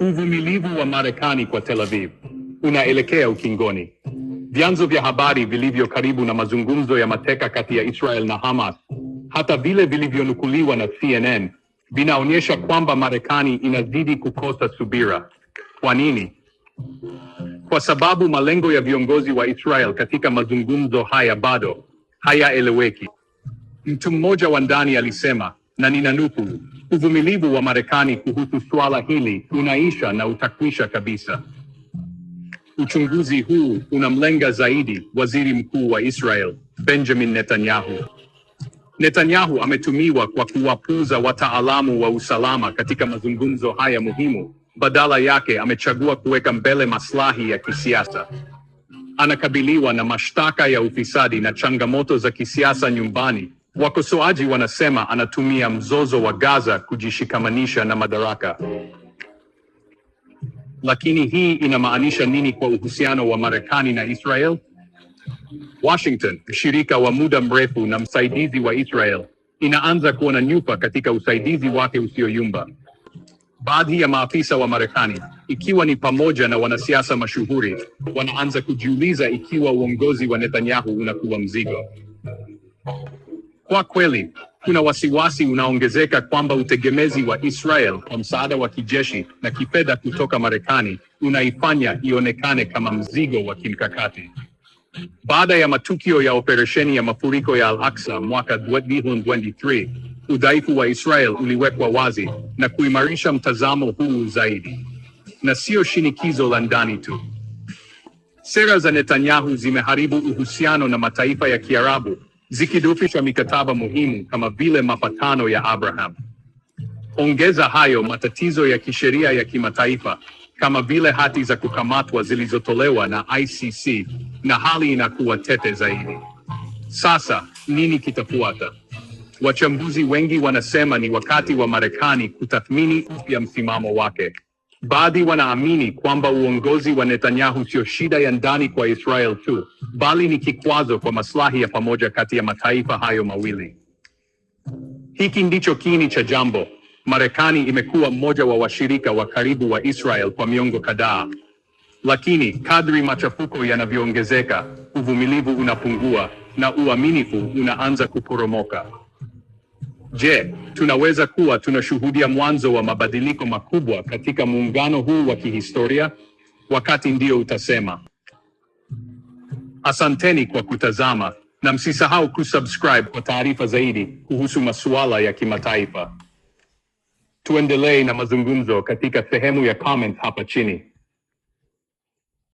Uvumilivu wa Marekani kwa Tel Aviv unaelekea ukingoni. Vyanzo vya habari vilivyo karibu na mazungumzo ya mateka kati ya Israel na Hamas, hata vile vilivyonukuliwa na CNN, vinaonyesha kwamba Marekani inazidi kukosa subira. Kwa nini? Kwa sababu malengo ya viongozi wa Israel katika mazungumzo haya bado hayaeleweki. Mtu mmoja wa ndani alisema na ninanukuu, uvumilivu wa Marekani kuhusu suala hili unaisha na utakwisha kabisa. Uchunguzi huu unamlenga zaidi waziri mkuu wa Israel Benjamin Netanyahu. Netanyahu ametumiwa kwa kuwapuuza wataalamu wa usalama katika mazungumzo haya muhimu. Badala yake amechagua kuweka mbele maslahi ya kisiasa. Anakabiliwa na mashtaka ya ufisadi na changamoto za kisiasa nyumbani Wakosoaji wanasema anatumia mzozo wa Gaza kujishikamanisha na madaraka. Lakini hii inamaanisha nini kwa uhusiano wa Marekani na Israel? Washington, mshirika wa muda mrefu na msaidizi wa Israel, inaanza kuona nyupa katika usaidizi wake usioyumba. Baadhi ya maafisa wa Marekani, ikiwa ni pamoja na wanasiasa mashuhuri, wanaanza kujiuliza ikiwa uongozi wa Netanyahu unakuwa mzigo. Kwa kweli kuna wasiwasi unaongezeka kwamba utegemezi wa Israel kwa msaada wa kijeshi na kifedha kutoka Marekani unaifanya ionekane kama mzigo wa kimkakati. Baada ya matukio ya operesheni ya mafuriko ya Al-Aqsa mwaka 2023, udhaifu wa Israel uliwekwa wazi na kuimarisha mtazamo huu zaidi. Na sio shinikizo la ndani tu. Sera za Netanyahu zimeharibu uhusiano na mataifa ya Kiarabu zikidufisha mikataba muhimu kama vile mapatano ya Abraham. Ongeza hayo matatizo ya kisheria ya kimataifa kama vile hati za kukamatwa zilizotolewa na ICC na hali inakuwa tete zaidi. Sasa nini kitafuata? Wachambuzi wengi wanasema ni wakati wa Marekani kutathmini upya msimamo wake. Baadhi wanaamini kwamba uongozi wa Netanyahu sio shida ya ndani kwa Israel tu, bali ni kikwazo kwa maslahi ya pamoja kati ya mataifa hayo mawili. Hiki ndicho kiini cha jambo. Marekani imekuwa mmoja wa washirika wa karibu wa Israel kwa miongo kadhaa, lakini kadri machafuko yanavyoongezeka, uvumilivu unapungua na uaminifu unaanza kuporomoka. Je, tunaweza kuwa tunashuhudia mwanzo wa mabadiliko makubwa katika muungano huu wa kihistoria? Wakati ndio utasema. Asanteni kwa kutazama na msisahau kusubscribe kwa taarifa zaidi kuhusu masuala ya kimataifa. Tuendelee na mazungumzo katika sehemu ya comment hapa chini.